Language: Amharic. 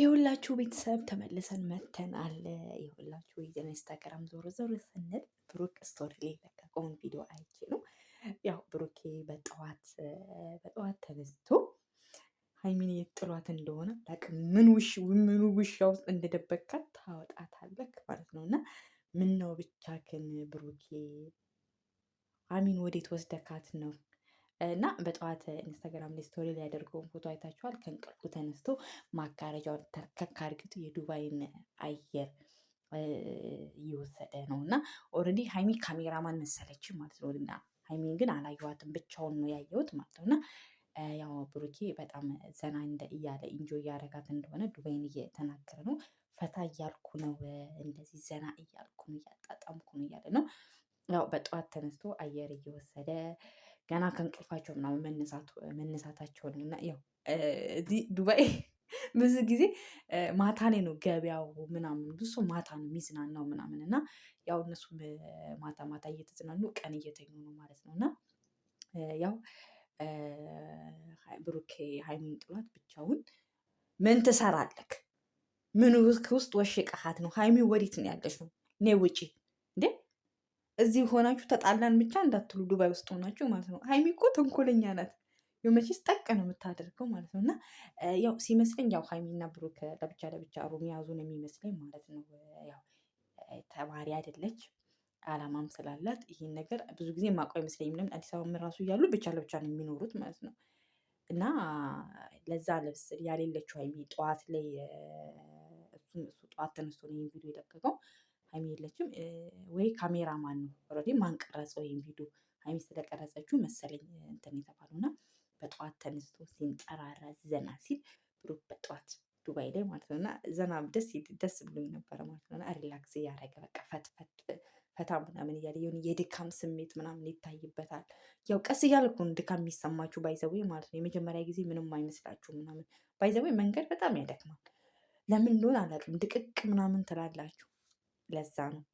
የሁላችሁ ቤተሰብ ተመልሰን መተናል። የሁላችሁ የኢንስታግራም ዞር ዞር ስንል ብሩክ ስቶሪ ላይ ለቀቀውን ቪዲዮ አይቼ ነው። ያው ብሩኬ በጠዋት በጠዋት ተነስቶ ሀይሚን የጥሏት እንደሆነ አላውቅም። ምን ውሽ ምኑ ውሻ ውስጥ እንደደበካት ታወጣታለክ ማለት ነው። እና ነው ብቻ ግን ብሩኬ ሀይሚን ወዴት ወስደካት ነው እና በጠዋት ኢንስታግራም ላይ ስቶሪ ላይ ያደርገውን ፎቶ አይታችኋል። ከእንቅልፉ ተነስቶ ማጋረጃውን ተከካ አድርጊቱ የዱባይን አየር እየወሰደ ነው እና ኦልሬዲ ሀይሚ ካሜራማን መሰለች ማለት ነው። እና ሀይሚን ግን አላየኋትም ብቻውን ነው ያየሁት ማለት ነው እና ያው ብሩኬ በጣም ዘና እያለ ኢንጆ እያረጋት እንደሆነ ዱባይን እየተናገረ ነው። ፈታ እያልኩ ነው እንደዚህ ዘና እያልኩ ነው እያጣጣምኩ ነው እያለ ነው። ያው በጠዋት ተነስቶ አየር እየወሰደ ገና ከእንቅልፋቸው ምናምን መነሳታቸውን እና ያው እዚህ ዱባይ ብዙ ጊዜ ማታ ላይ ነው ገበያው ምናምን ብዙ ማታ ነው የሚዝናናው ምናምን እና ያው እነሱ ማታ ማታ እየተዝናኑ ቀን እየተኙ ነው ማለት ነው እና ያው ብሩኬ ሀይሚን ጥሏት ብቻውን ምን ትሰራለክ? ምን ውስጥ ወሽቀሃት ነው ሀይሚ? ወዴት ነው ያለሽ? ነው ኔ ውጪ እዚህ ሆናችሁ ተጣላን ብቻ እንዳትሉ ዱባይ ውስጥ ሆናችሁ ማለት ነው። ሀይሚ እኮ ተንኮለኛ ናት። የመቼስ ጠቅ ነው የምታደርገው ማለት ነው። እና ያው ሲመስለኝ ያው ሀይሚና ብሩክ ለብቻ ለብቻ ሩም ያዙን የሚመስለኝ ማለት ነው። ያው ተማሪ አይደለች አላማም ስላላት ይህን ነገር ብዙ ጊዜ ማቆ ይመስለኝ። ለምን አዲስ አበባ ራሱ እያሉ ብቻ ለብቻ ነው የሚኖሩት ማለት ነው። እና ለዛ ልብስ ያሌለችው ሀይሚ ጠዋት ላይ እሱ ጠዋት ተነስቶ ነው ቪዲዮ የለቀቀው ሀይሚ የለችም ወይ ካሜራ ማን ነው ኦልሬዲ ማን ቀረጸ ወይም ቪዲዮ ሀይሚ ስለቀረጸችው መሰለኝ እንትን የተባለው እና በጠዋት ተነስቶ ሲንጠራራ ዘና ሲል ብሩክ በጠዋት ዱባይ ላይ ማለት ነው እና ዘና ደስ ደስ ብሎኝ ነበረ ማለት ነው እና ሪላክስ እያደረገ በቃ ፈትፈት ፈታ ምናምን እያለ የሆነ የድካም ስሜት ምናምን ይታይበታል። ያው ቀስ እያለ እኮ ነው ድካም የሚሰማችሁ ባይዘዌ ማለት ነው። የመጀመሪያ ጊዜ ምንም አይመስላችሁ ምናምን ባይዘዌ መንገድ በጣም ያደክማል። ለምን እንደሆነ አላውቅም። ድቅቅ ምናምን ትላላችሁ la sana